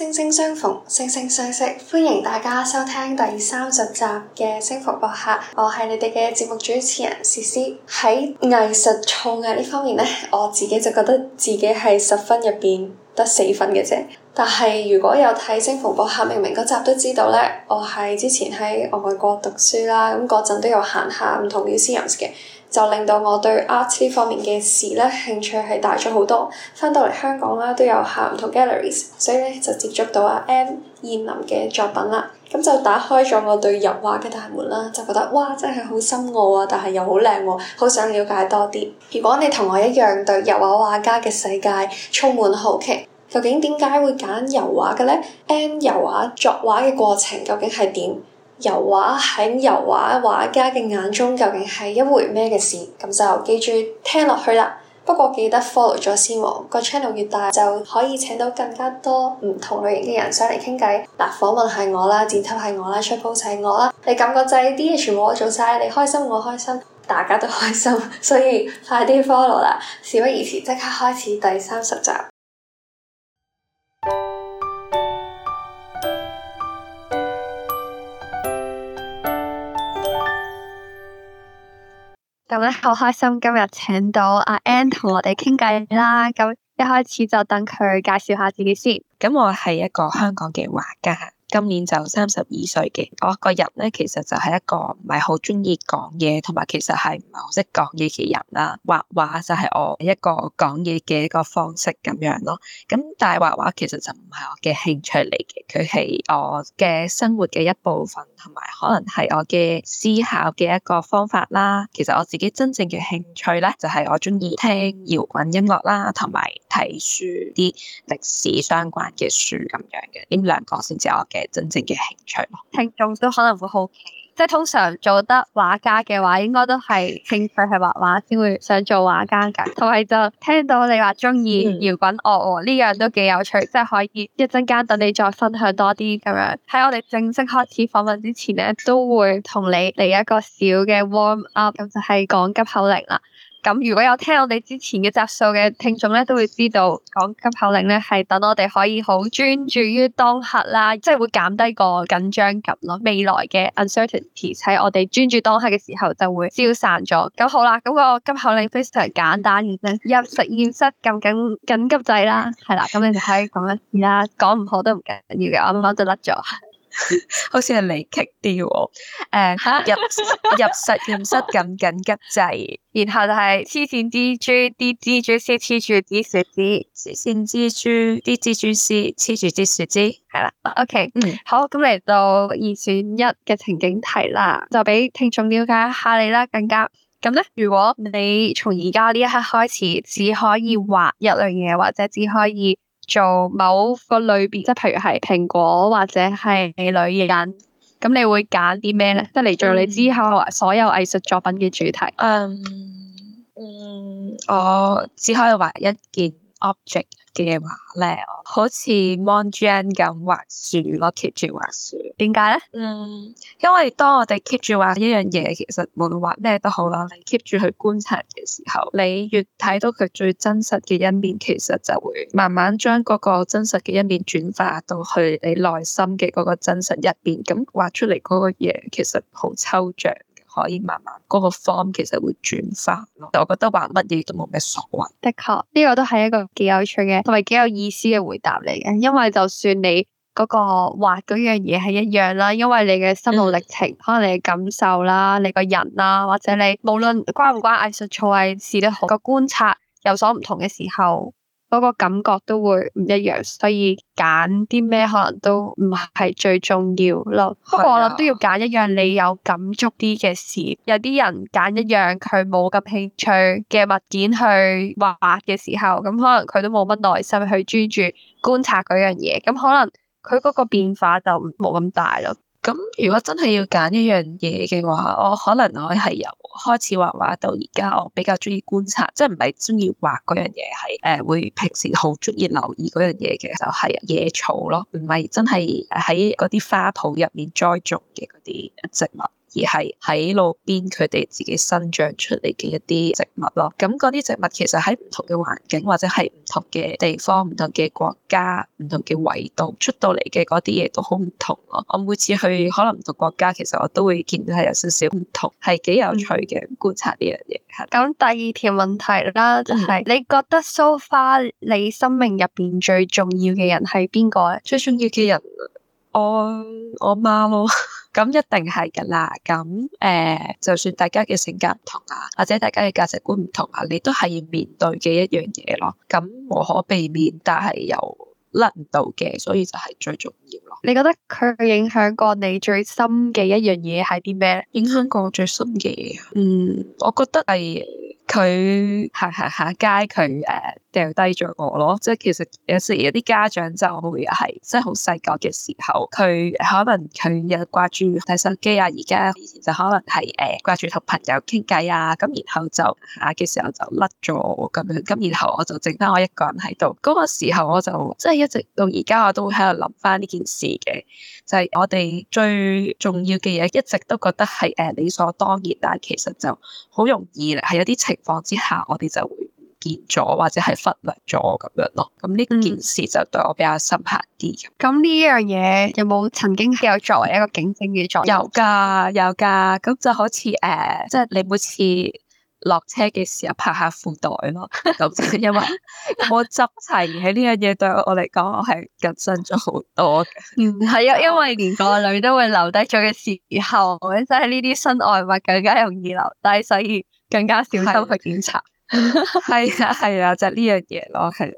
星星相逢，星星相惜。歡迎大家收聽第三十集嘅《星逢播客》，我係你哋嘅節目主持人思思。喺藝術創意呢方面呢，我自己就覺得自己係十分入邊得四分嘅啫。但係如果有睇《星逢播客》明明嗰集都知道咧，我係之前喺外國讀書啦，咁嗰陣都有行下唔同嘅 museums 嘅。就令到我對 art 呢方面嘅事咧興趣係大咗好多。翻到嚟香港啦，都有行唔同 galleries，所以咧就接觸到阿 Ann 燕琳嘅作品啦。咁就打開咗我對油畫嘅大門啦，就覺得哇真係好深奧啊，但係又好靚喎，好想了解多啲。如果你同我一樣對油畫畫家嘅世界充滿好奇，究竟點解會揀油畫嘅咧？Ann 油畫作畫嘅過程究竟係點？油畫喺油畫畫家嘅眼中究竟係一回咩嘅事？咁就記住聽落去啦。不過記得 follow 咗先喎。個 channel 越大，就可以請到更加多唔同類型嘅人上嚟傾偈。嗱，訪問係我啦，剪輯係我啦，出 post 係我啦。你感覺就係啲嘢全部我做晒，你開心我開心，大家都開心。所以快啲 follow 啦！事不宜遲，即刻開始第三十集。咁咧好開心今日請到阿 Ann 同我哋傾偈啦。咁、嗯、一開始就等佢介紹下自己先。咁我係一個香港嘅畫家。今年就三十二歲嘅，我個人咧其實就係一個唔係好中意講嘢，同埋其實係唔係好識講嘢嘅人啦。畫畫就係我一個講嘢嘅一個方式咁樣咯。咁但係畫畫其實就唔係我嘅興趣嚟嘅，佢係我嘅生活嘅一部分，同埋可能係我嘅思考嘅一個方法啦。其實我自己真正嘅興趣咧，就係、是、我中意聽搖滾音樂啦，同埋。睇書啲歷史相關嘅書咁樣嘅，呢兩個先至我嘅真正嘅興趣。聽眾都可能會好奇，即係通常做得畫家嘅話，應該都係興趣係畫畫先會想做畫家噶。同埋就聽到你話中意搖滾樂，嗯，呢樣都幾有趣，即係可以一陣間等你再分享多啲咁樣。喺我哋正式開始訪問之前咧，都會同你嚟一個小嘅 warm up，咁就係講急口令啦。咁如果有聽我哋之前嘅集數嘅聽眾咧，都會知道講急口令咧，係等我哋可以好專注於當刻啦，即係會減低個緊張感咯。未來嘅 uncertainty 喺我哋專注當刻嘅時候就會消散咗。咁好啦，咁個急口令非常簡單嘅啫，入實驗室咁緊緊急掣啦，係啦，咁你就可以講一次啦，講唔好都唔緊要嘅，啱啱就甩咗。 好似係離奇啲喎、啊，誒、uh, 入、啊、入，入實驗室緊緊急制， 然後就係黐線 D J D J C 黐住啲樹枝，黐線蜘蛛 D J C 黐住啲樹枝，係啦 了，OK，嗯， 好，咁嚟到二選一嘅情景題啦，就俾聽眾了解一下你啦，更加咁咧，如果你從而家呢一刻開始，只可以畫一類嘢，或者只可以。做某個類別，即係譬如係蘋果或者係女、女人，咁你會揀啲咩咧？即係嚟做你之後所有藝術作品嘅主題。嗯，嗯，我只可以話一件 object。嘅話咧，好似 Mondrian 咁畫樹咯，keep 住畫樹，點解咧？嗯，因為當我哋 keep 住畫一樣嘢，其實無論畫咩都好啦，你 keep 住去觀察嘅時候，你越睇到佢最真實嘅一面，其實就會慢慢將嗰個真實嘅一面轉化到去你內心嘅嗰個真實入邊，咁畫出嚟嗰個嘢其實好抽象。可以慢慢嗰、嗰個方其實會轉化咯，但我覺得畫乜嘢都冇咩所謂。的確，呢個都係一個幾有趣嘅，同埋幾有意思嘅回答嚟嘅。因為就算你嗰個畫嗰樣嘢係一樣啦，因為你嘅心路歷程，嗯、可能你嘅感受啦，你個人啦，或者你無論關唔關藝術，錯愛視得好，那個觀察有所唔同嘅時候。嗰個感覺都會唔一樣，所以揀啲咩可能都唔係最重要咯。不過我諗都要揀一樣你有感觸啲嘅事。有啲人揀一樣佢冇咁興趣嘅物件去畫嘅時候，咁可能佢都冇乜耐心去專注觀察嗰樣嘢。咁可能佢嗰個變化就冇咁大咯。咁如果真係要揀一樣嘢嘅話，我可能我係由開始畫畫到而家，我比較中意觀察，即係唔係中意畫嗰樣嘢，係誒會平時好中意留意嗰樣嘢嘅就係、是、野草咯，唔係真係喺嗰啲花圃入面栽種嘅嗰啲植物。而係喺路邊佢哋自己生長出嚟嘅一啲植物咯，咁嗰啲植物其實喺唔同嘅環境或者係唔同嘅地方、唔同嘅國家、唔同嘅緯度出到嚟嘅嗰啲嘢都好唔同咯。我每次去可能唔同國家，其實我都會見到係有少少唔同，係幾有趣嘅、嗯、觀察呢樣嘢。咁、嗯、第二條問題啦，就係你覺得 so far 你生命入邊最重要嘅人係邊個咧？最重要嘅人，我我媽咯。咁一定係噶啦，咁誒、呃，就算大家嘅性格唔同啊，或者大家嘅價值觀唔同啊，你都係要面對嘅一樣嘢咯。咁無可避免，但係又甩唔到嘅，所以就係最重要咯。你覺得佢影響過你最深嘅一樣嘢係啲咩咧？影響過最深嘅嘢，嗯，我覺得係。佢行行下街，佢誒掉低咗我咯。即係其實有時有啲家長就會係即係好細個嘅時候，佢可能佢又掛住睇手機啊。而家以前就可能係誒掛住同朋友傾偈啊。咁然後就下嘅、啊、時候就甩咗我咁樣，咁然後我就剩翻我一個人喺度。嗰個時候我就即係一直到而家我都會喺度諗翻呢件事嘅。就係、是、我哋最重要嘅嘢，一直都覺得係誒理所當然，但係其實就好容易係有啲情。放之下，我哋就會見咗或者係忽略咗咁樣咯。咁呢件事就對我比較深刻啲。咁呢樣嘢有冇曾經有作為一個警醒嘅作用？有噶，有噶。咁就好似誒，即、呃、係、就是、你每次落車嘅時候，拍下褲袋咯。咁就因為我執齊喺呢樣嘢， 對我嚟講，我係更新咗好多嘅。嗯，係啊，因為連袋裏都會留低咗嘅時候，我即係呢啲新外物更加容易留低，所以。更加小心去檢查，係啊係啊，就呢樣嘢咯，係。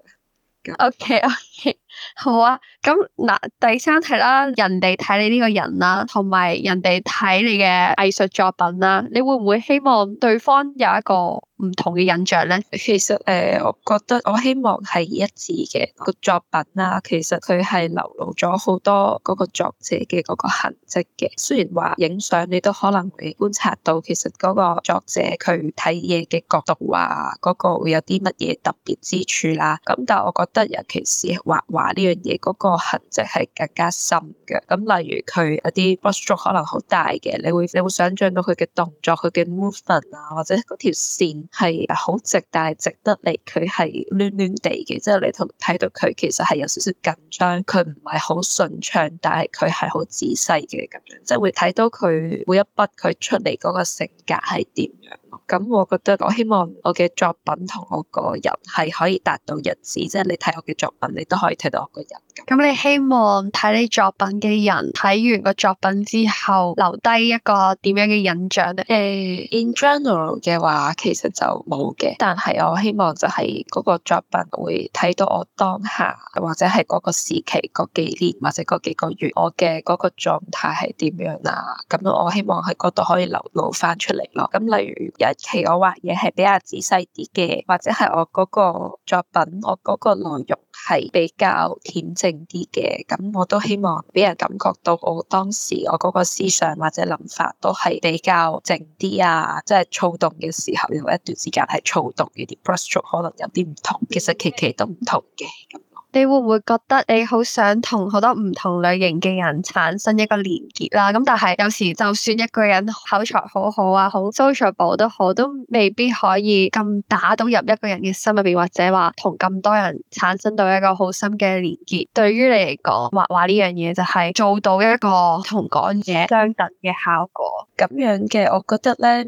OK OK，好啊。咁嗱，第三題啦，人哋睇你呢個人啦，同埋人哋睇你嘅藝術作品啦，你會唔會希望對方有一個？唔同嘅印象呢，其實誒、呃，我覺得我希望係一致嘅個作品啦、啊。其實佢係流露咗好多嗰個作者嘅嗰個痕跡嘅。雖然話影相你都可能會觀察到，其實嗰個作者佢睇嘢嘅角度啊，嗰、嗰個會有啲乜嘢特別之處啦、啊。咁但係我覺得尤其是畫畫呢樣嘢，嗰、嗰個痕跡係更加深嘅。咁例如佢有啲 brushstroke 可能好大嘅，你會你會想象到佢嘅動作，佢嘅 movement 啊，或者嗰條線。係好直，但係直得嚟佢係攣攣地嘅，即係你同睇到佢其實係有少少緊張，佢唔係好順暢，但係佢係好仔細嘅咁樣，即係會睇到佢每一筆佢出嚟嗰個性格係點樣咯。咁我覺得我希望我嘅作品同我個人係可以達到一致，即係你睇我嘅作品，你都可以睇到我個人。咁你希望睇你作品嘅人睇完個作品之後留低一個點樣嘅印象咧？誒，in general 嘅話，其實就冇嘅，但係我希望就係嗰個作品會睇到我當下或者係嗰個時期嗰幾年或者嗰幾個月我嘅嗰個狀態係點樣啊？咁我希望喺嗰度可以流露翻出嚟咯。咁例如有一期我畫嘢係比較仔細啲嘅，或者係我嗰個作品我嗰個內容。係比較恬靜啲嘅，咁我都希望俾人感覺到我當時我嗰個思想或者諗法都係比較靜啲啊。即係躁動嘅時候，用一段時間係躁動嘅，啲 structure 可能有啲唔同，其實期期都唔同嘅。你會唔會覺得你好想同好多唔同類型嘅人產生一個連結啦？咁但係有時就算一個人口才好好啊，好 sociable 都好，都未必可以咁打到入一個人嘅心入邊，或者話同咁多人產生到一個好深嘅連結。對於你嚟講，畫畫呢樣嘢就係做到一個同講者相等嘅效果咁樣嘅。我覺得呢，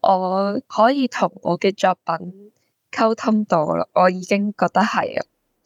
我可以同我嘅作品溝通到啦，我已經覺得係啊。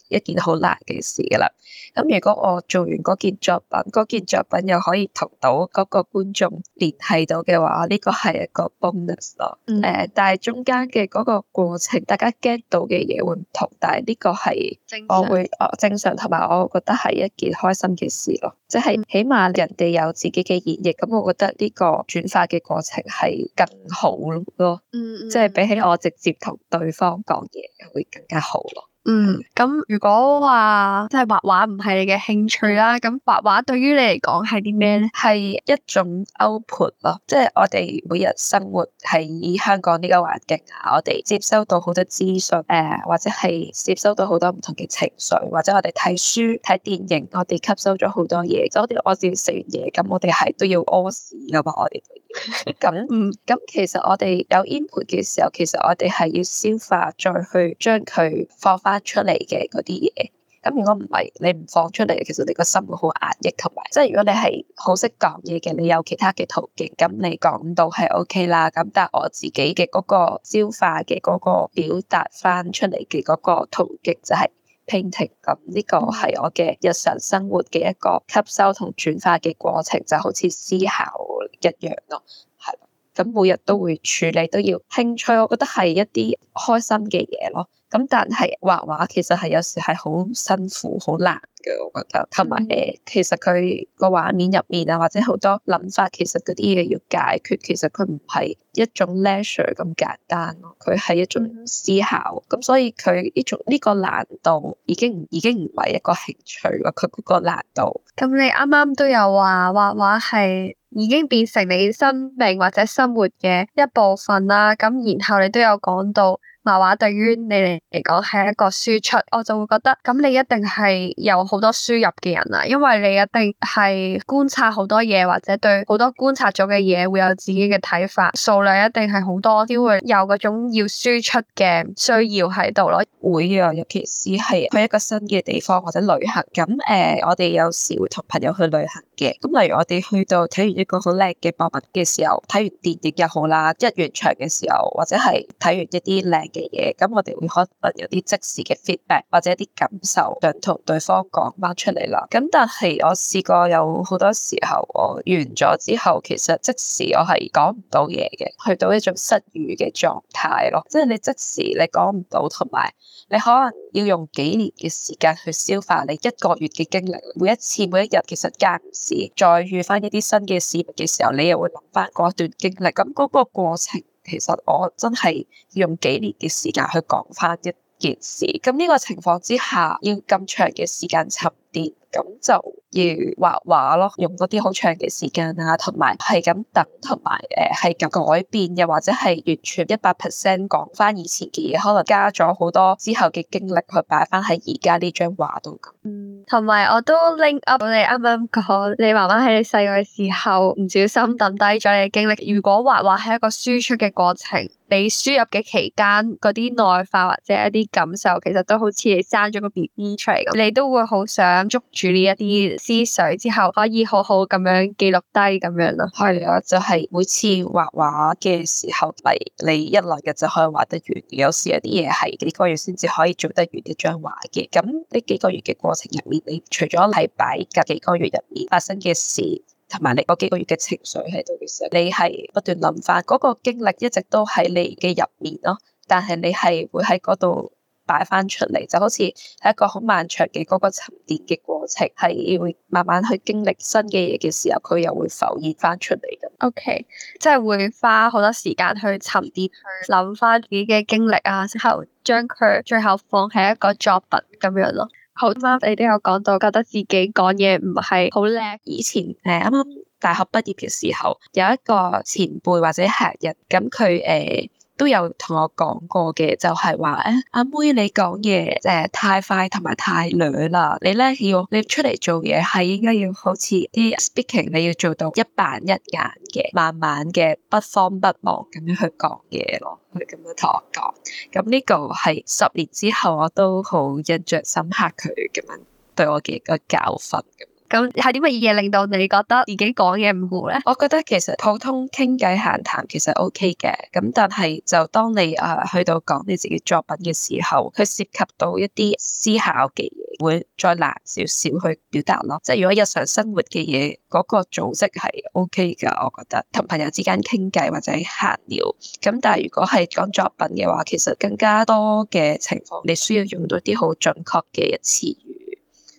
一件好難嘅事㗎啦。咁如果我做完嗰件作品，嗰件作品又可以同到嗰個觀眾聯繫到嘅話，呢、這個係一個 bonus 咯。誒、嗯呃，但係中間嘅嗰個過程，大家 get 到嘅嘢會唔同，但係呢個係我會正常，同埋、哦、我覺得係一件開心嘅事咯。即、就、係、是、起碼人哋有自己嘅演繹，咁我覺得呢個轉化嘅過程係更好咯。即係、嗯嗯、比起我直接同對方講嘢，會更加好咯。嗯，咁如果話即係畫畫唔係你嘅興趣啦，咁畫畫對於你嚟講係啲咩呢？係一種 output 咯，即係我哋每日生活喺香港呢個環境啊，我哋接收到好多資訊誒，或者係接收到好多唔同嘅情緒，或者我哋睇書睇電影，我哋吸收咗好多嘢。就好似我哋食完嘢，咁我哋係都要屙屎噶嘛，我哋。咁咁、 嗯嗯，其實我哋有 input 嘅時候，其實我哋係要消化，再去將佢放翻出嚟嘅嗰啲嘢。咁如果唔係，你唔放出嚟，其實你個心會好壓抑，同埋，即係如果你係好識講嘢嘅，你有其他嘅途徑，咁你講到係 OK 啦。咁但係我自己嘅嗰個消化嘅嗰、嗰個表達翻出嚟嘅嗰個途徑就係、係。Painting 咁呢個係我嘅日常生活嘅一個吸收同轉化嘅過程，就好似思考一樣咯，係。咁每日都會處理，都要興趣。我覺得係一啲開心嘅嘢咯。咁但係畫畫其實係有時係好辛苦、好難嘅，我覺得。同埋誒，嗯、其實佢個畫面入面啊，或者好多諗法，其實嗰啲嘢要解決，其實佢唔係一種 leisure 咁簡單，佢係一種思考，咁、嗯嗯、所以佢呢種呢、呢個難度已經已經唔係一個興趣咯。佢嗰個難度。咁你啱啱都有話畫畫係已經變成你生命或者生活嘅一部分啦。咁然後你都有講到。畫畫對於你嚟嚟講係一個輸出，我就會覺得，咁你一定係有好多輸入嘅人啊，因為你一定係觀察好多嘢，或者對好多觀察咗嘅嘢會有自己嘅睇法，數量一定係好多先會有嗰種要輸出嘅需要喺度咯。會啊，尤其是係去一個新嘅地方或者旅行，咁誒、呃，我哋有時會同朋友去旅行嘅，咁例如我哋去到睇完一個好靚嘅博物館嘅時候，睇完電影又好啦，一完場嘅時候或者係睇完一啲靚。嘅嘢，咁我哋會可能有啲即時嘅 feedback 或者啲感受想同對方講翻出嚟啦。咁但係我試過有好多時候，我完咗之後，其實即時我係講唔到嘢嘅，去到一種失語嘅狀態咯。即係你即時你講唔到，同埋你可能要用幾年嘅時間去消化你一個月嘅經歷。每一次每一日，其實間唔時再遇翻一啲新嘅事物嘅時候，你又會諗翻嗰段經歷。咁嗰個過程，其實我真係用幾年嘅時間去講翻一件事，咁呢個情況之下，要咁長嘅時間沉澱，咁就要畫畫咯，用嗰啲好長嘅時間啊，同埋係咁等，同埋誒係咁改變，又或者係完全一百 percent 講翻以前嘅嘢，可能加咗好多之後嘅經歷去擺翻喺而家呢張畫度咁。同埋，我都 link up 到你啱啱講，你媽媽喺你細個時候唔小心抌低咗你嘅經歷。如果畫畫係一個輸出嘅過程。你輸入嘅期間嗰啲內化或者一啲感受，其實都好似你生咗個 BB 出嚟咁，你都會好想捉住呢一啲思想之後，可以好好咁樣記錄低咁樣咯。係啊， 就係每次畫畫嘅時候嚟，你一兩日就可以畫得完，有時有啲嘢係幾個月先至可以做得完一張畫嘅。咁呢幾個月嘅過程入面，你除咗係擺隔幾個月入面發生嘅事。同埋你嗰幾個月嘅情緒喺度嘅時候，你係不斷諗翻嗰個經歷一直都喺你嘅入面咯，但係你係會喺嗰度擺翻出嚟，就好似係一個好漫長嘅嗰個沉澱嘅過程，係要慢慢去經歷新嘅嘢嘅時候，佢又會浮現翻出嚟嘅。OK，即係會花好多時間去沉澱，去諗翻自己嘅經歷啊，之後將佢最後放喺一個作品咁樣咯。好啱，你都有講到，覺得自己講嘢唔係好叻。以前誒啱啱大學畢業嘅時候，有一個前輩或者客人，咁佢誒，呃都有同我講過嘅，就係話誒，阿妹你講嘢誒太快同埋太亂啦，你咧要你出嚟做嘢係應該要好似啲 speaking 你要做到一板一眼嘅，慢慢嘅不慌不忙咁樣去講嘢咯，佢咁樣同我講，咁呢個係十年之後我都好印象深刻佢咁樣對我嘅一個教訓。咁係啲乜嘢令到你覺得自己講嘢唔好咧？我覺得其實普通傾偈閒談其實 O K 嘅，咁但係就當你誒、呃、去到講你自己作品嘅時候，佢涉及到一啲思考嘅嘢，會再難少少去表達咯。即係如果日常生活嘅嘢嗰個組織係 O K 噶，我覺得同朋友之間傾偈或者閒聊，咁但係如果係講作品嘅話，其實更加多嘅情況你需要用到啲好準確嘅一詞語，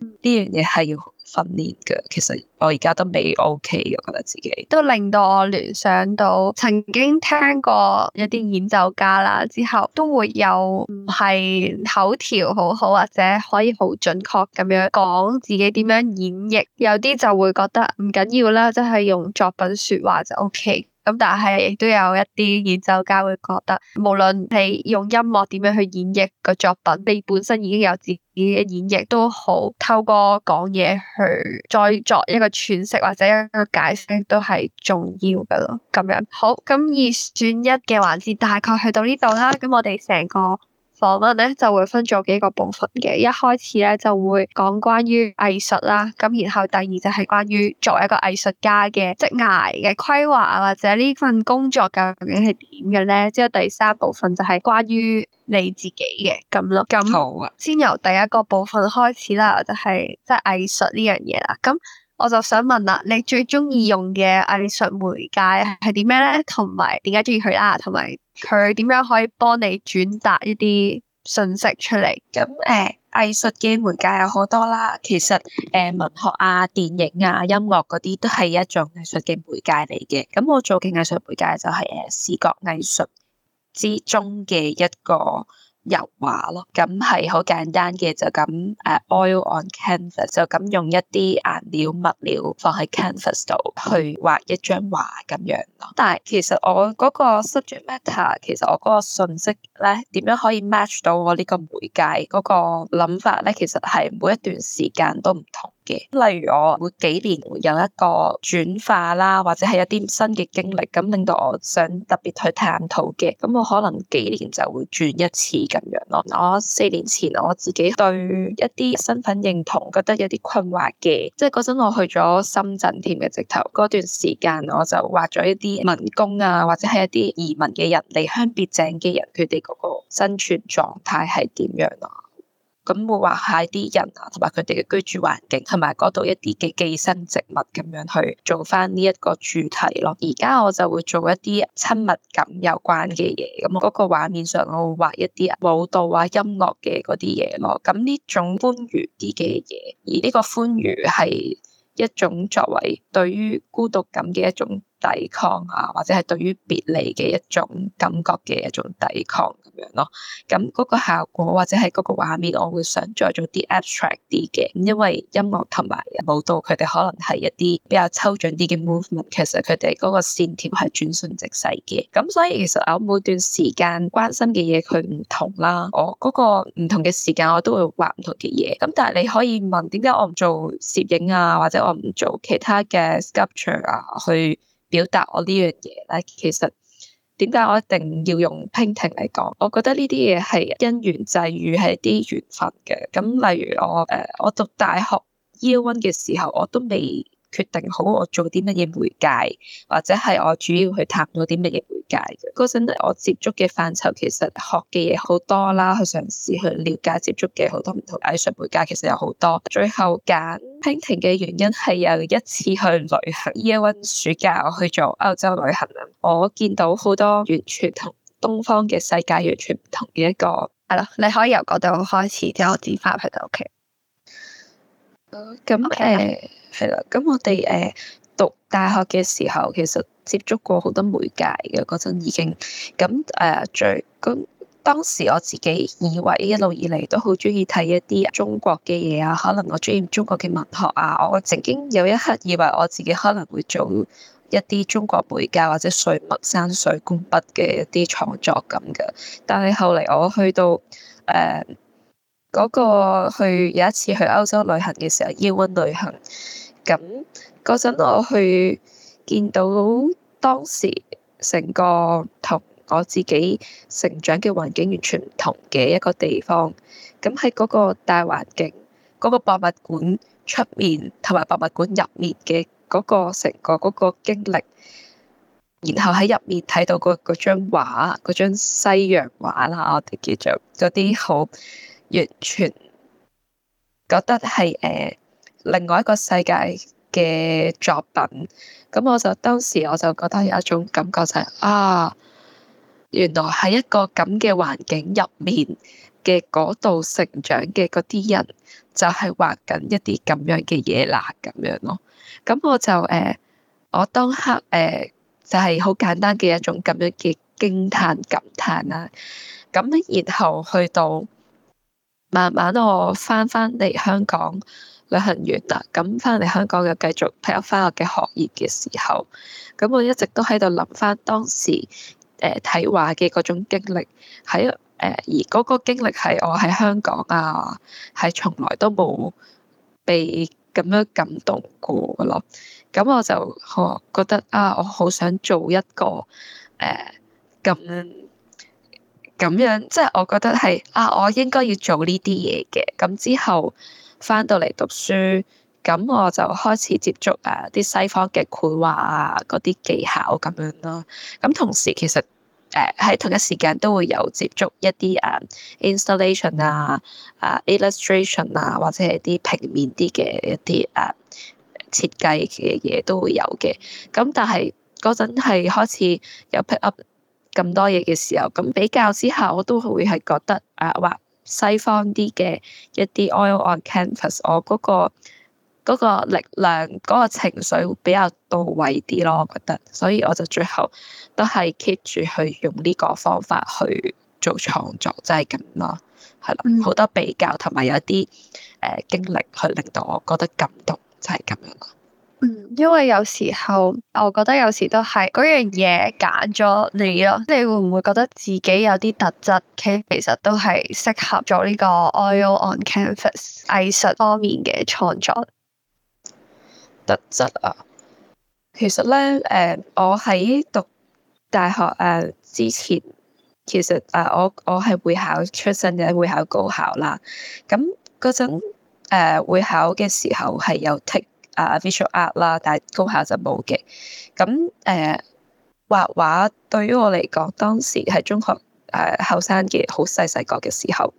呢樣嘢係要訓練嘅，其實我而家都未 OK，我覺得自己都令到我聯想到曾經聽過一啲演奏家啦，之後都會有唔係口條好好，或者可以好準確咁樣講自己點樣演繹，有啲就會覺得唔緊要啦，即係用作品説話就 OK。咁但係亦都有一啲演奏家會覺得，無論你用音樂點樣去演繹個作品，你本身已經有自己嘅演繹都好，透過講嘢去再作一個詮釋或者一個解釋都係重要噶咯。咁樣好，咁二選一嘅環節大概去到呢度啦。咁我哋成個。訪問咧就會分咗幾個部分嘅，一開始咧就會講關於藝術啦，咁然後第二就係關於作為一個藝術家嘅職涯嘅規劃或者呢份工作究竟係點嘅咧，之後第三部分就係關於你自己嘅咁咯。咁好啊，先由第一個部分開始啦，就係即係藝術呢樣嘢啦，咁。我就想問啦，你最中意用嘅藝術媒介係點咩咧？同埋點解中意佢啦？同埋佢點樣可以幫你轉達一啲信息出嚟？咁誒，藝術嘅媒介有好多啦。其實誒、呃，文學啊、電影啊、音樂嗰啲都係一種藝術嘅媒介嚟嘅。咁我做嘅藝術媒介就係誒，視覺藝術之中嘅一個。油畫咯，咁係好簡單嘅，就咁誒、啊、oil on canvas 就咁用一啲顏料物料放喺 canvas 度去畫一張畫咁樣咯。但係其實我嗰個 subject matter，其實我嗰個信息咧點樣可以 match 到我呢個媒介嗰個諗法咧，其實係每一段時間都唔同。例如我每幾年會有一個轉化啦，或者係一啲新嘅經歷，咁令到我想特別去探討嘅，咁我可能幾年就會轉一次咁樣咯。我四年前我自己對一啲身份認同覺得有啲困惑嘅，即係嗰陣我去咗深圳添嘅直頭，嗰段時間我就畫咗一啲民工啊，或者係一啲移民嘅人，離鄉別井嘅人，佢哋嗰個生存狀態係點樣啊？咁會畫下啲人啊，同埋佢哋嘅居住環境，同埋嗰度一啲嘅寄生植物咁樣去做翻呢一個主題咯。而家我就會做一啲親密感有關嘅嘢，咁嗰個畫面上我會畫一啲舞蹈啊、音樂嘅嗰啲嘢咯。咁呢種歡愉啲嘅嘢，而呢個歡愉係一種作為對於孤獨感嘅一種抵抗啊，或者係對於別離嘅一種感覺嘅一種抵抗。咯，咁嗰個效果或者係嗰個畫面，我會想再做啲 abstract 啲嘅，因為音樂同埋舞蹈，佢哋可能係一啲比較抽象啲嘅 movement。其實佢哋嗰個線條係轉瞬即逝嘅，咁所以其實我每段時間關心嘅嘢佢唔同啦。我嗰個唔同嘅時間，我都會畫唔同嘅嘢。咁但係你可以問，點解我唔做攝影啊，或者我唔做其他嘅 sculpture 啊，去表達我呢樣嘢咧？其實。點解我一定要用 painting 嚟講？我覺得呢啲嘢係因緣際遇，係啲緣分嘅。咁例如我誒，我讀大學 year one 嘅時候，我都未。決定好我做啲乜嘢媒介，或者係我主要去探到啲乜嘢媒介。嗰陣我接觸嘅範疇其實學嘅嘢好多啦，去嘗試去了解接觸嘅好多唔同藝術媒介，其實有好多。最後揀 painting 嘅原因係有一次去旅行，year one 暑假我去做歐洲旅行啊，我見到好多完全同東方嘅世界完全唔同嘅一個。係咯， 你可以由嗰度開始，之後我再翻去就 OK。咁誒。係啦，咁我哋誒、呃、讀大學嘅時候，其實接觸過好多媒介嘅嗰陣已經咁誒、呃、最咁。當時我自己以為一路以嚟都好中意睇一啲中國嘅嘢啊，可能我中意中國嘅文學啊，我曾經有一刻以為我自己可能會做一啲中國媒介或者水墨山水工筆嘅一啲創作咁嘅。但係後嚟我去到誒嗰、呃那個去有一次去歐洲旅行嘅時候，英、e、國旅行。咁嗰陣我去見到當時成個同我自己成長嘅環境完全唔同嘅一個地方，咁喺嗰個大環境、嗰個博物館出面同埋博物館入面嘅嗰個成個嗰個經歷，然後喺入面睇到嗰嗰張畫、嗰張西洋畫啦，我哋叫做嗰啲好完全覺得係誒。另外一個世界嘅作品，咁我就當時我就覺得有一種感覺就係、是、啊，原來喺一個咁嘅環境入面嘅嗰度成長嘅嗰啲人，就係畫緊一啲咁樣嘅嘢啦，咁樣咯。咁我就誒、呃，我當刻誒、呃、就係、是、好簡單嘅一種咁樣嘅驚歎感嘆啦、啊。咁然後去到慢慢我翻返嚟香港。旅行完啦，咁翻嚟香港又繼續睇翻我嘅學業嘅時候，咁我一直都喺度諗翻當時誒睇畫嘅嗰種經歷，喺誒、呃、而嗰個經歷係我喺香港啊，係從來都冇被咁樣感動過咯。咁我就呵覺得啊，我好想做一個誒咁咁樣，即係、就是、我覺得係啊，我應該要做呢啲嘢嘅。咁之後。返到嚟讀書，咁我就開始接觸誒啲、啊、西方嘅繪畫啊，嗰啲技巧咁樣咯。咁同時其實誒喺、啊、同一時間都會有接觸一啲誒、啊、installation 啊、啊 illustration 啊，或者係啲平面啲嘅一啲誒、啊、設計嘅嘢都會有嘅。咁但係嗰陣係開始有 pick up 咁多嘢嘅時候，咁比較之後我都會係覺得啊畫，西方啲嘅一啲 oil on canvas 我嗰、那個嗰、那個力量嗰、那個情緒會比較到位啲咯，我覺得，所以我就最後都係 keep 住去用呢個方法去做創作，即係咁咯，係啦，好多比較同埋有啲誒、呃、經歷去令到我覺得感動，就係、是、咁樣咯。嗯，因為有時候，我覺得有時都係嗰樣嘢揀咗你咯。你會唔會覺得自己有啲特質？其實其實都係適合咗呢個 oil on canvas 藝術方面嘅創作特質啊。其實呢，誒、呃，我喺讀大學誒、呃、之前，其實誒、呃、我我係會考出身嘅，會考高考啦。咁嗰陣誒會考嘅時候係有 take 啊，visual art 啦，但係高考就冇嘅。咁誒畫畫對於我嚟講，當時係中學誒後生嘅好細細個嘅時候，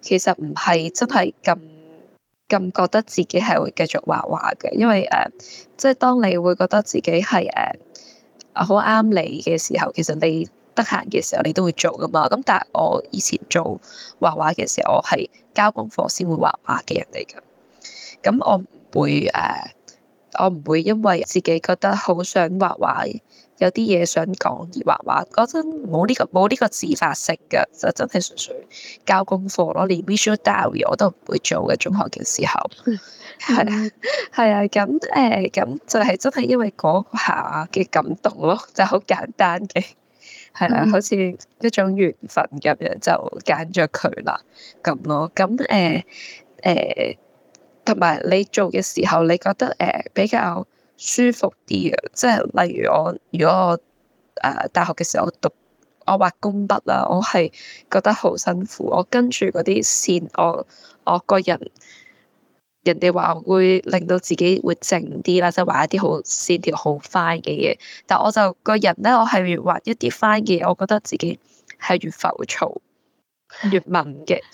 其實唔係真係咁咁覺得自己係會繼續畫畫嘅。因為誒即係當你會覺得自己係誒好啱你嘅時候，其實你得閒嘅時候你都會做噶嘛。咁但係我以前做畫畫嘅時候，我係交功課先會畫畫嘅人嚟噶。咁我，會誒，uh, 我唔會因為自己覺得好想畫畫，有啲嘢想講而畫畫。嗰陣冇呢個冇呢個自發性嘅，就真係純粹交功課咯。連 visual diary 我都唔會做嘅，中學嘅時候。係、嗯、啊，係、嗯、啊，咁誒，咁、嗯、就係、是、真係因為嗰下嘅感動咯，就好簡單嘅，係啦、啊，嗯、好似一種緣分咁樣就揀咗佢啦，咁咯，咁誒誒。嗯嗯同埋你做嘅時候，你覺得誒、呃、比較舒服啲嘅，即係例如我，如果我誒、呃、大學嘅時候我讀我畫工筆啦，我係覺得好辛苦。我跟住嗰啲線，我我個人人哋話會令到自己會靜啲啦，即係、畫一啲好線條好 fine 嘅嘢。但我就個人咧，我係越畫一啲 fine 嘅嘢，我覺得自己係越浮躁越悶嘅。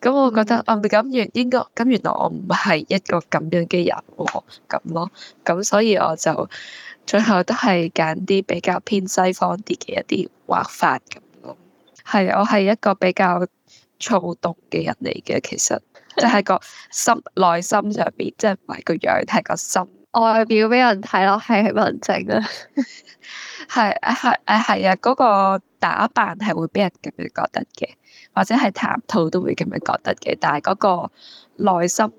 咁、嗯嗯、我覺得，嗯，咁原應該，咁原來我唔係一個咁樣嘅人喎、哦，咁咯，咁所以我就最後都係揀啲比較偏西方啲嘅一啲畫法咁咯。係，我係一個比較躁動嘅人嚟嘅，其實即係、就係、個心 內心上邊，即係唔係個樣，係個心外表俾人睇落係文靜 啊，係啊，係啊，係啊，嗰個打扮係會俾人咁樣覺得嘅。或者係談吐都會咁樣覺得嘅，但係嗰個內心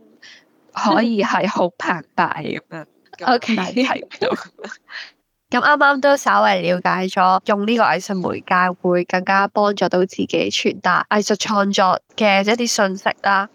可以係好澎湃咁 樣，好大提。咁啱啱都稍為了解咗，用呢個藝術媒介會更加幫助到自己傳達藝術創作嘅一啲信息啦。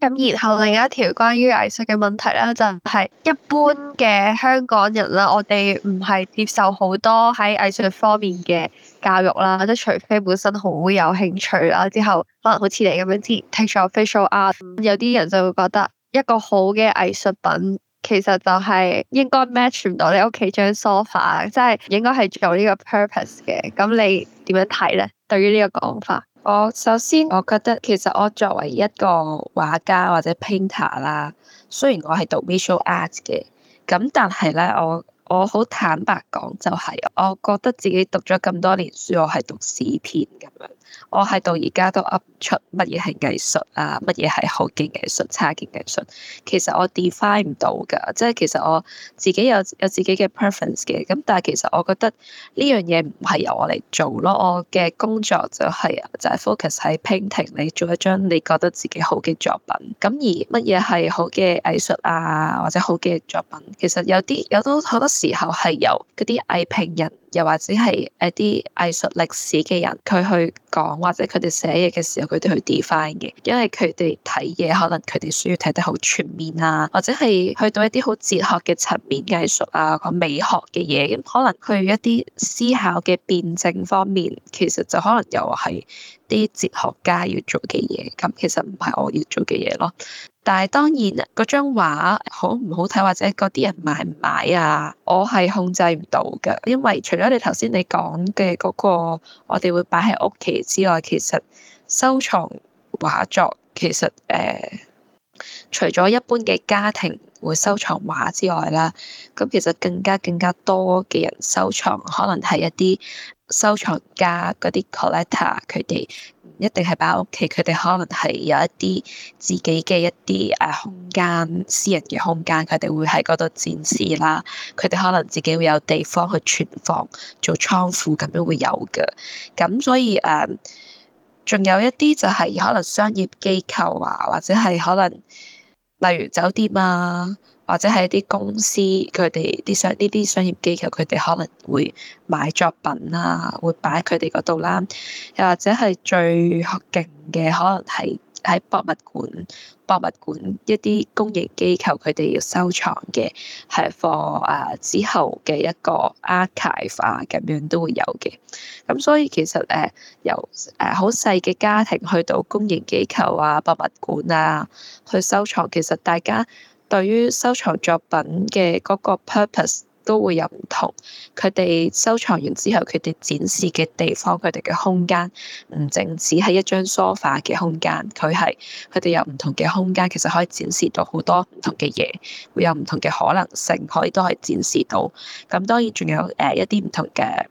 咁 然後另一條關於藝術嘅問題啦、就係，就係一般嘅香港人啦，我哋唔係接受好多喺藝術方面嘅。教育啦，或者除非本身好有興趣啦，之後可能好似你咁樣之前聽咗 visual art，有啲人就會覺得一個好嘅藝術品其實就係應該 match 唔到你屋企張 sofa，即係應該係做呢個 purpose 嘅。咁你點樣睇咧？對於呢個講法，我首先我覺得其實我作為一個畫家或者 painter 啦，雖然我係讀 visual art 嘅，咁但係咧我。我好坦白講，就係我覺得自己讀咗咁多年書，我係讀史片咁樣。我係到而家都 up 唔出乜嘢係藝術啊，乜嘢係好嘅藝術、差嘅藝術。其實我 define 唔到㗎，即係其實我自己有有自己嘅 preference 嘅。咁但係其實我覺得呢樣嘢唔係由我嚟做咯。我嘅工作就係就係 focus 喺 painting，你做一張你覺得自己好嘅作品。咁而乜嘢係好嘅藝術啊？或者好嘅作品？其實有啲有好多好多時候係由嗰啲藝評人，又或者係一啲藝術歷史嘅人，佢去講或者佢哋寫嘢嘅時候，佢哋去 define 嘅，因為佢哋睇嘢可能佢哋需要睇得好全面啊，或者係去到一啲好哲學嘅層面、藝術啊、個美學嘅嘢，咁可能佢一啲思考嘅辯證方面，其實就可能又係啲哲學家要做嘅嘢，咁其實唔係我要做嘅嘢咯。但係當然嗰張畫好唔好睇，或者嗰啲人買唔買啊，我係控制唔到嘅，因為除咗你頭先你講嘅嗰個，我哋會擺喺屋企之外，其實收藏畫作其實誒、呃，除咗一般嘅家庭會收藏畫之外啦，咁其實更加更加多嘅人收藏，可能係一啲收藏家嗰啲 collector，er, 佢哋唔一定係擺喺屋企，佢哋可能係有一啲自己嘅一啲誒空間，私人嘅空間，佢哋會喺嗰度展示啦。佢哋可能自己會有地方去存放，做倉庫咁樣會有嘅。咁所以誒仲、uh, 有一啲就係、是、可能商業機構啊，或者係可能例如酒店啊。或者係一啲公司，佢哋啲商呢啲商業機構，佢哋可能會買作品啦，會擺喺佢哋嗰度啦。又或者係最勁嘅，可能係喺博物館、博物館一啲公營機構，佢哋要收藏嘅係 for 啊之後嘅一個 archive 啊，咁樣都會有嘅。咁所以其實誒由誒好細嘅家庭去到公營機構啊、博物館啊去收藏，其實大家，對於收藏作品嘅嗰個 purpose 都會有唔同，佢哋收藏完之後，佢哋展示嘅地方，佢哋嘅空間唔淨只係一張梳化嘅空間，佢係佢哋有唔同嘅空間，其實可以展示到好多唔同嘅嘢，會有唔同嘅可能性可以都係展示到。咁當然仲有誒一啲唔同嘅誒、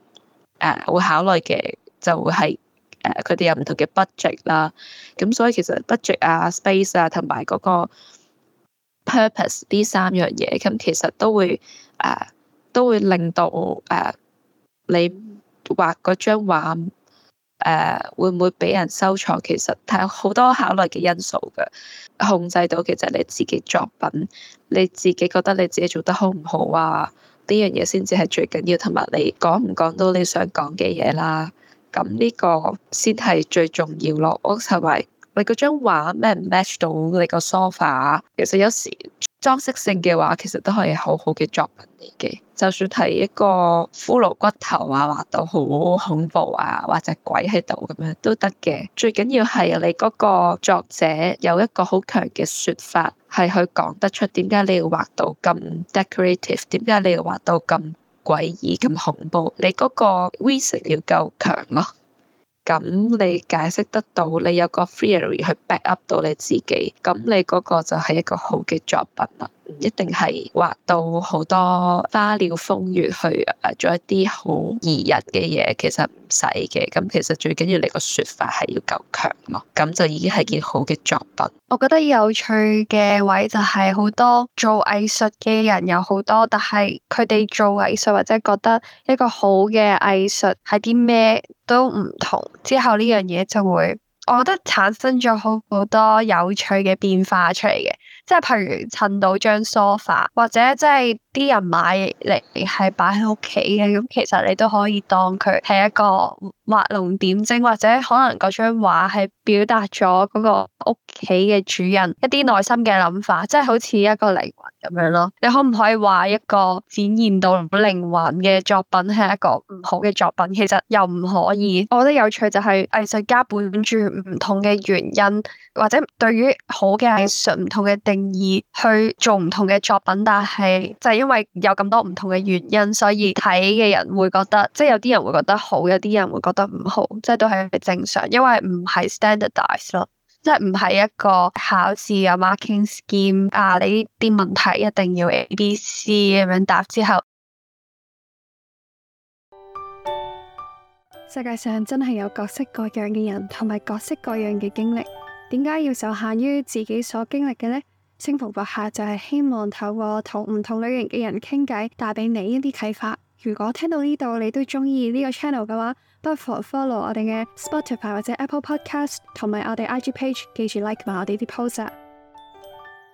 啊、會考慮嘅、就是，就會係誒佢哋有唔同嘅 budget 啦。咁所以其實 budget 啊、space 啊同埋嗰個。Purpose 呢三樣嘢，咁其實都會誒、啊、都會令到誒、啊、你畫嗰張畫誒、啊、會唔會俾人收藏？其實睇好多考慮嘅因素㗎，控制到其實你自己作品，你自己覺得你自己做得好唔好啊？呢樣嘢先至係最緊要，同埋你講唔講到你想講嘅嘢啦，咁呢個先係最重要咯 a u s 張畫你嗰張畫咩唔 match 到你個 sofa？其實有時裝飾性嘅畫，其實都係好好嘅作品嚟嘅。就算係一個骷髏骨頭啊，畫到好恐怖啊，或者鬼喺度咁樣都得嘅。最緊要係你嗰個作者有一個好強嘅說法，係去講得出點解你要畫到咁 decorative，點解你要畫到咁詭異咁恐怖？你嗰個 vision 要夠強咯。咁你解釋得到，你有個 theory 去 back up 到你自己，咁你嗰個就係一個好嘅作品啦。一定係畫到好多花鳥風月去做一啲好怡人嘅嘢，其實唔使嘅。咁其實最緊要你個説法係要夠強咯，咁就已經係件好嘅作品。我覺得有趣嘅位就係好多做藝術嘅人有好多，但係佢哋做藝術或者覺得一個好嘅藝術係啲咩都唔同。之後呢樣嘢就會，我覺得產生咗好好多有趣嘅變化出嚟嘅。即係譬如襯到張梳化，或者即係啲人買嚟係擺喺屋企嘅，咁其實你都可以當佢係一個畫龍點睛，或者可能嗰張畫係。表達咗嗰個屋企嘅主人一啲內心嘅諗法，即係好似一個靈魂咁樣咯。你可唔可以話一個展現到靈魂嘅作品係一個唔好嘅作品？其實又唔可以。我覺得有趣就係藝術家本住唔同嘅原因，或者對於好嘅藝術唔同嘅定義去做唔同嘅作品，但係就係因為有咁多唔同嘅原因，所以睇嘅人會覺得，即係有啲人會覺得好，有啲人會覺得唔好，即係都係正常。因為唔係 stand。即係唔係一個考試啊，marking scheme 啊，你啲問題一定要 A、B、C 咁樣答之後。世界上真係有各式各樣嘅人，同埋各式各樣嘅經歷。點解要受限於自己所經歷嘅呢？星逢播客就係希望透過同唔同類型嘅人傾偈，帶俾你一啲啟發。如果聽到呢度你都中意呢個 channel 嘅話，不妨 follow 我哋嘅 Spotify 或者 Apple Podcast，同埋我哋 IG page，記住 like 埋我哋啲 post 啊！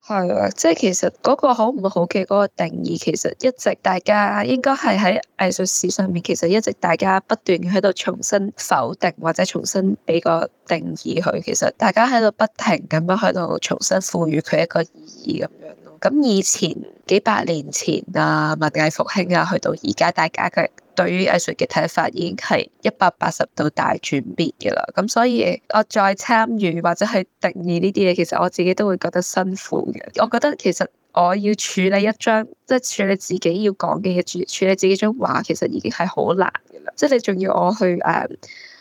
係啊，即係其實嗰個好唔好嘅嗰個定義，其實一直大家應該係喺藝術史上面， 其實一直大家不斷喺度重新否定或者重新俾個定義佢。其實大家喺度不停咁樣喺度重新賦予佢一個意義咁樣咯。咁以前幾百年前啊，文藝復興啊，去到而家，大家嘅。對於藝術嘅睇法已經係一百八十度大轉變嘅啦，咁所以我再參與或者係定義呢啲嘢，其實我自己都會覺得辛苦嘅。我覺得其實我要處理一張，即係處理自己要講嘅嘢，處處理自己張畫，其實已經係好難嘅啦。即係你仲要我去誒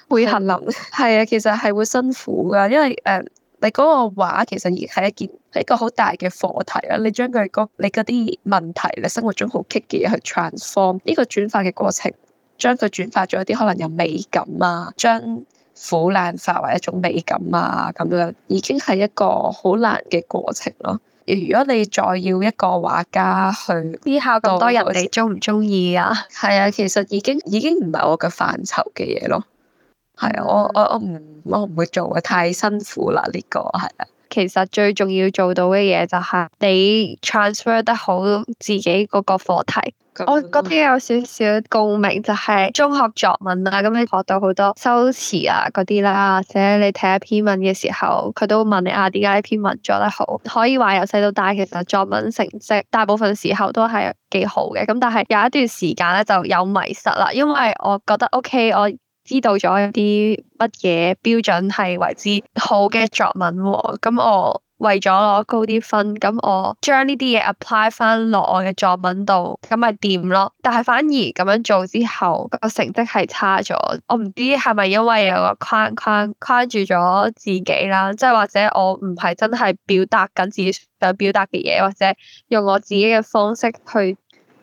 會、uh, 行林，係啊，其實係會辛苦嘅，因為誒。Uh, 你嗰個畫其實而係一件係一個好大嘅課題啦。你將佢嗰你啲問題你生活中好棘嘅嘢去 transform，呢個轉化嘅過程，將佢轉化咗一啲可能有美感啊，將苦難化為一種美感啊，咁樣已經係一個好難嘅過程咯。如果你再要一個畫家去思考咁多人，那個、人你中唔中意啊？係啊，其實已經已經唔係我嘅範疇嘅嘢咯。係啊，我我我唔我唔會做啊，太辛苦啦呢個係啊。其實最重要做到嘅嘢就係你 transfer 得好自己嗰個課題。啊、我覺得有少少共鳴，就係、是、中學作文啊，咁你學到好多修辭啊嗰啲啦，或者你睇一篇文嘅時候，佢都會問你啊，點解呢篇文做得好？可以話由細到大，其實作文成績大部分時候都係幾好嘅。咁但係有一段時間咧就有迷失啦，因為我覺得 OK 我。知道咗有啲乜嘢標準係為之好嘅作文喎、哦，咁我為咗攞高啲分，咁我將呢啲嘢 apply 翻落我嘅作文度，咁咪掂咯。但係反而咁樣做之後，個成績係差咗。我唔知係咪因為我有個框框框住咗自己啦，即係或者我唔係真係表達緊自己想表達嘅嘢，或者用我自己嘅方式去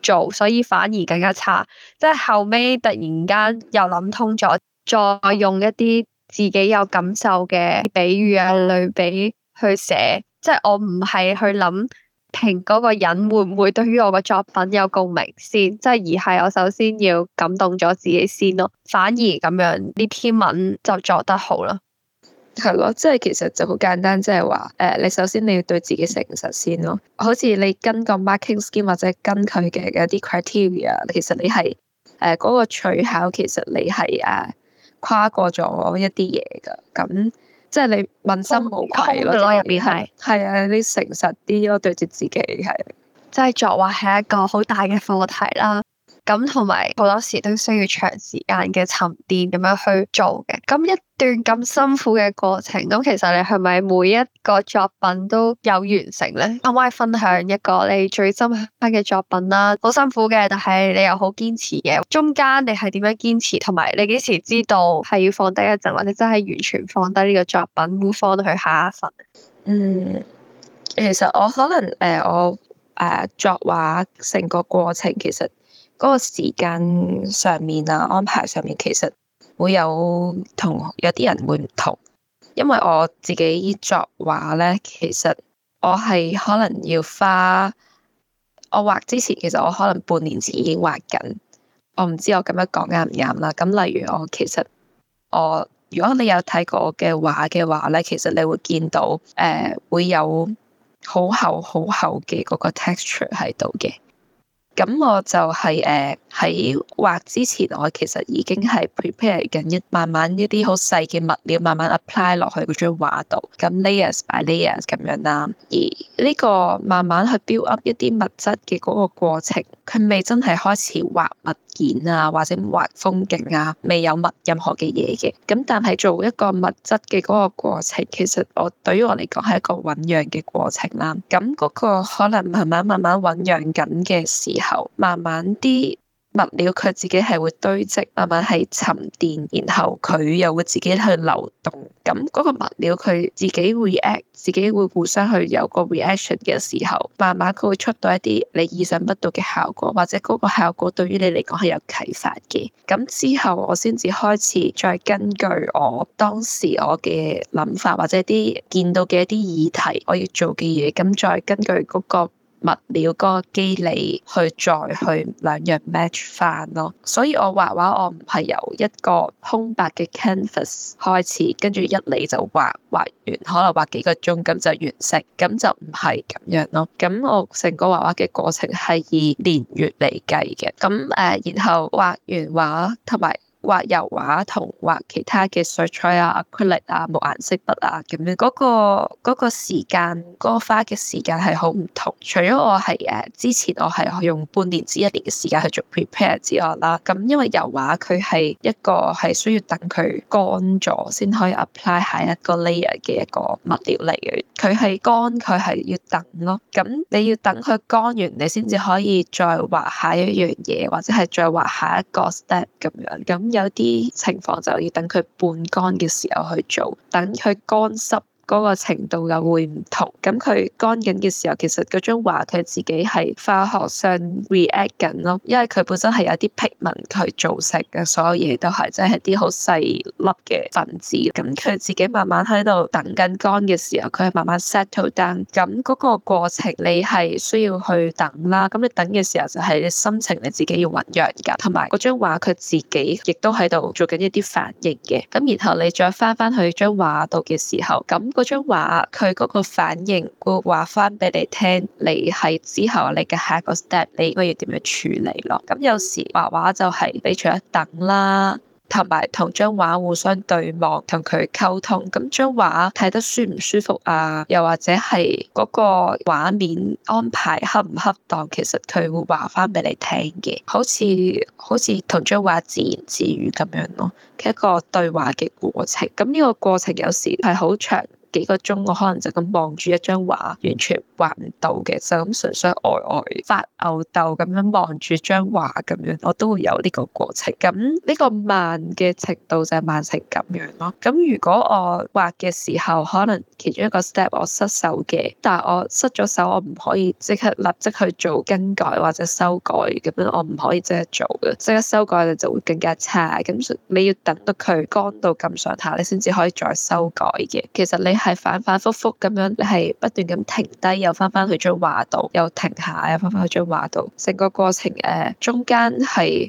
做，所以反而更加差。即係後尾突然間又諗通咗，再用一啲自己有感受嘅比喻啊、類比去寫。即係我唔係去諗評嗰個人會唔會對於我嘅作品有共鳴先，即係而係我首先要感動咗自己先咯。反而咁樣呢篇文就作得好咯。係咯，即係其實就好簡單，即係話，誒，你首先你要對自己誠實先咯。好似你跟個 marking scheme 或者跟佢嘅一啲 criteria，其實你係誒嗰個取巧，其實你係誒跨過咗一啲嘢噶。咁即係你問心無愧咯，入邊係係啊，你誠實啲咯，對住自己係。即係作畫係一個好大嘅課題啦。咁同埋好多時都需要長時間嘅沉澱咁樣去做嘅。咁一段咁辛苦嘅過程，咁其實你係咪每一個作品都有完成呢？可唔可以分享一個你最深刻嘅作品啦？好辛苦嘅，但係你又好堅持嘅。中間你係點樣堅持？同埋你幾時知道係要放低一陣，或者真係完全放低呢個作品，會放落去下一份？嗯，其實我可能誒、呃，我誒、呃、作畫成個過程其實。嗰個時間上面啊，安排上面其實會有同有啲人會唔同，因為我自己作畫呢，其實我係可能要花我畫之前，其實我可能半年前已經畫緊。我唔知我咁樣講啱唔啱啦。咁例如我其實我，如果你有睇過我嘅畫嘅話呢，其實你會見到誒、呃、會有好厚好厚嘅嗰個 texture 喺度嘅。咁我就係誒喺畫之前，我其實已經係 prepare 緊一慢慢一啲好細嘅物料，慢慢 apply 落去嗰張畫度，咁 layers by layers 咁樣啦。而呢個慢慢去 build up 一啲物質嘅嗰個過程。佢未真係開始畫物件啊，或者畫風景啊，未有物任何嘅嘢嘅。咁但係做一個物質嘅嗰個過程，其實對我對於我嚟講係一個醞釀嘅過程啦。咁嗰個可能慢慢慢慢醞釀緊嘅時候，慢慢啲。物料佢自己係會堆積，慢慢係沉澱，然後佢又會自己去流動。咁嗰個物料佢自己 react 自己會互相去有個 reaction 嘅時候，慢慢佢會出到一啲你意想不到嘅效果，或者嗰個效果對於你嚟講係有啟發嘅。咁之後我先至開始再根據我當時我嘅諗法，或者啲見到嘅一啲議題，我要做嘅嘢，咁再根據嗰個。物料個肌理去再去兩樣 match 翻咯，所以我畫畫我唔係由一個空白嘅 canvas 開始，跟住一嚟就畫畫完，可能畫幾個鐘咁就完成，咁就唔係咁樣咯。咁我成個畫畫嘅過程係以年月嚟計嘅，咁誒、呃，然後畫完畫同埋。畫油畫同畫其他嘅水彩啊、Acrylic 啊、冇顏色筆啊，咁樣嗰個嗰個時間嗰個花嘅時間係好唔同。除咗我係誒之前我係用半年至一年嘅時間去做 prepare 之外啦，咁因為油畫佢係一個係需要等佢乾咗先可以 apply 下一個 layer 嘅一個物料嚟嘅，佢係乾佢係要等咯。咁你要等佢乾完，你先至可以再畫下一樣嘢，或者係再畫下一個 step 咁樣咁。有啲情況就要等佢半乾嘅時候去做，等佢乾濕。嗰個程度又會唔同，咁佢乾緊嘅時候，其實嗰張畫佢自己係化學上 react 緊咯，因為佢本身係有啲 pigment 佢做成嘅，所有嘢都係即係啲好細粒嘅分子，咁佢自己慢慢喺度等緊乾嘅時候，佢係慢慢 settle down，咁嗰個過程你係需要去等啦，咁你等嘅時候就係你心情你自己要醞釀㗎，同埋嗰張畫佢自己亦都喺度做緊一啲反應嘅，咁然後你再翻翻去張畫度嘅時候，咁。嗰張畫佢嗰個反應會話翻俾你聽，你係之後你嘅下一個 step，你應該要點樣處理咯？咁有時畫畫就係你除一等啦，同埋同張畫互相對望，同佢溝通。咁張畫睇得舒唔舒服啊？又或者係嗰個畫面安排恰唔恰當？其實佢會話翻俾你聽嘅，好似好似同張畫自言自語咁樣咯，一個對話嘅過程。咁呢個過程有時係好長。幾個鐘我可能就咁望住一張畫，完全畫唔到嘅，就咁純粹呆呆發吽哣咁樣望住張畫咁樣，我都會有呢個過程。咁呢個慢嘅程度就係慢成咁樣咯。咁如果我畫嘅時候，可能其中一個 step 我失手嘅，但係我失咗手，我唔可以即刻立即去做更改或者修改。咁樣我唔可以即刻做嘅，即刻修改就就會更加差。咁你要等到佢乾到咁上下，你先至可以再修改嘅。其實你。係反反覆覆咁樣，你係不斷咁停低，又翻翻去張畫度，又停下，又翻翻去張畫度。成個過程，誒，中間係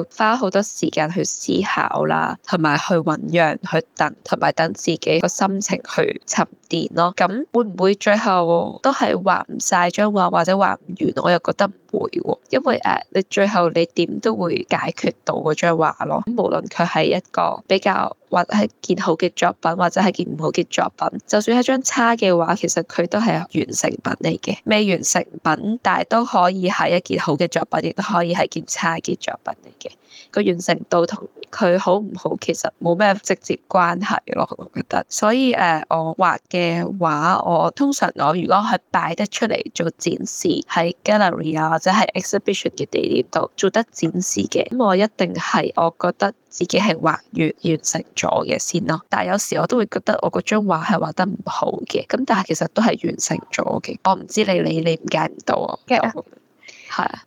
要花好多時間去思考啦，同埋去醞釀，去等，同埋等自己個心情去沉澱咯。咁會唔會最後都係畫唔晒張畫，或者畫唔完？我又覺得唔會喎，因為誒，你最後你點都會解決到嗰張畫咯。無論佢係一個比較。或係件好嘅作品，或者係件唔好嘅作品。就算係張差嘅畫，其實佢都係完成品嚟嘅，未完成品，但係都可以係一件好嘅作品，亦都可以係件差嘅作品嚟嘅。個完成度同。佢好唔好，其實冇咩直接關係咯，我覺得。所以誒、呃，我畫嘅畫，我通常我如果係擺得出嚟做展示喺 gallery 啊，或者係 exhibition 嘅地點度做得展示嘅，咁我一定係我覺得自己係畫完完成咗嘅先咯。但係有時我都會覺得我嗰張畫係畫得唔好嘅，咁但係其實都係完成咗嘅。我唔知你理唔解唔到啊？係啊，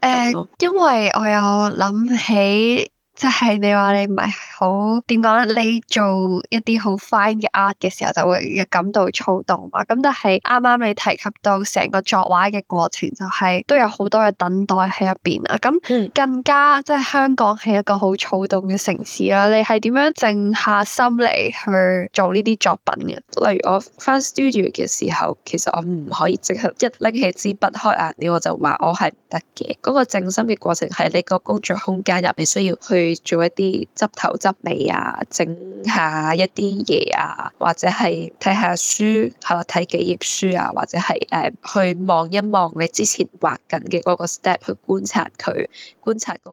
誒，因為我有諗起。即係你話你唔係好點講咧？你做一啲好 fine 嘅 art 嘅時候，就會感到躁動嘛。咁但係啱啱你提及到成個作畫嘅過程，就係都有好多嘅等待喺入邊啊。咁更加即係、嗯、香港係一個好躁動嘅城市啦。你係點樣靜下心嚟去做呢啲作品嘅？例如我翻 studio 嘅時候，其實我唔可以即刻一拎起支筆開眼，你我就話我係唔得嘅。嗰個靜心嘅過程係你個工作空間入面需要去。去做一啲執頭執尾啊，整下一啲嘢啊，或者係睇下書，係睇幾頁書啊，或者係誒去望一望你之前畫緊嘅嗰個 step 去觀察佢，觀察到、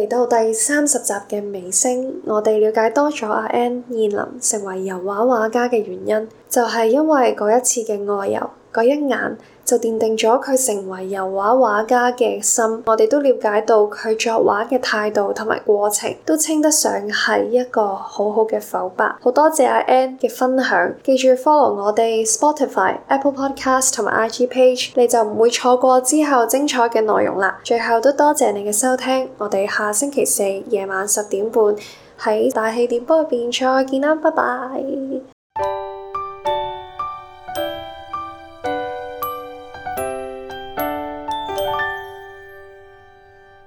那、嚟、個、到第三十集嘅尾聲，我哋了解多咗阿 Ann 燕琳成為油畫畫家嘅原因，就係、是、因為嗰一次嘅外遊嗰一眼。就奠定咗佢成為油畫畫家嘅心，我哋都了解到佢作畫嘅態度同埋過程，都稱得上係一個好好嘅否白。好多謝阿 Ann 嘅分享，記住 follow 我哋 Spotify、Apple Podcast 同埋 IG page，你就唔會錯過之後精彩嘅內容啦。最後都多謝你嘅收聽，我哋下星期四夜晚十點半喺大氣電波入邊再見啦，拜拜。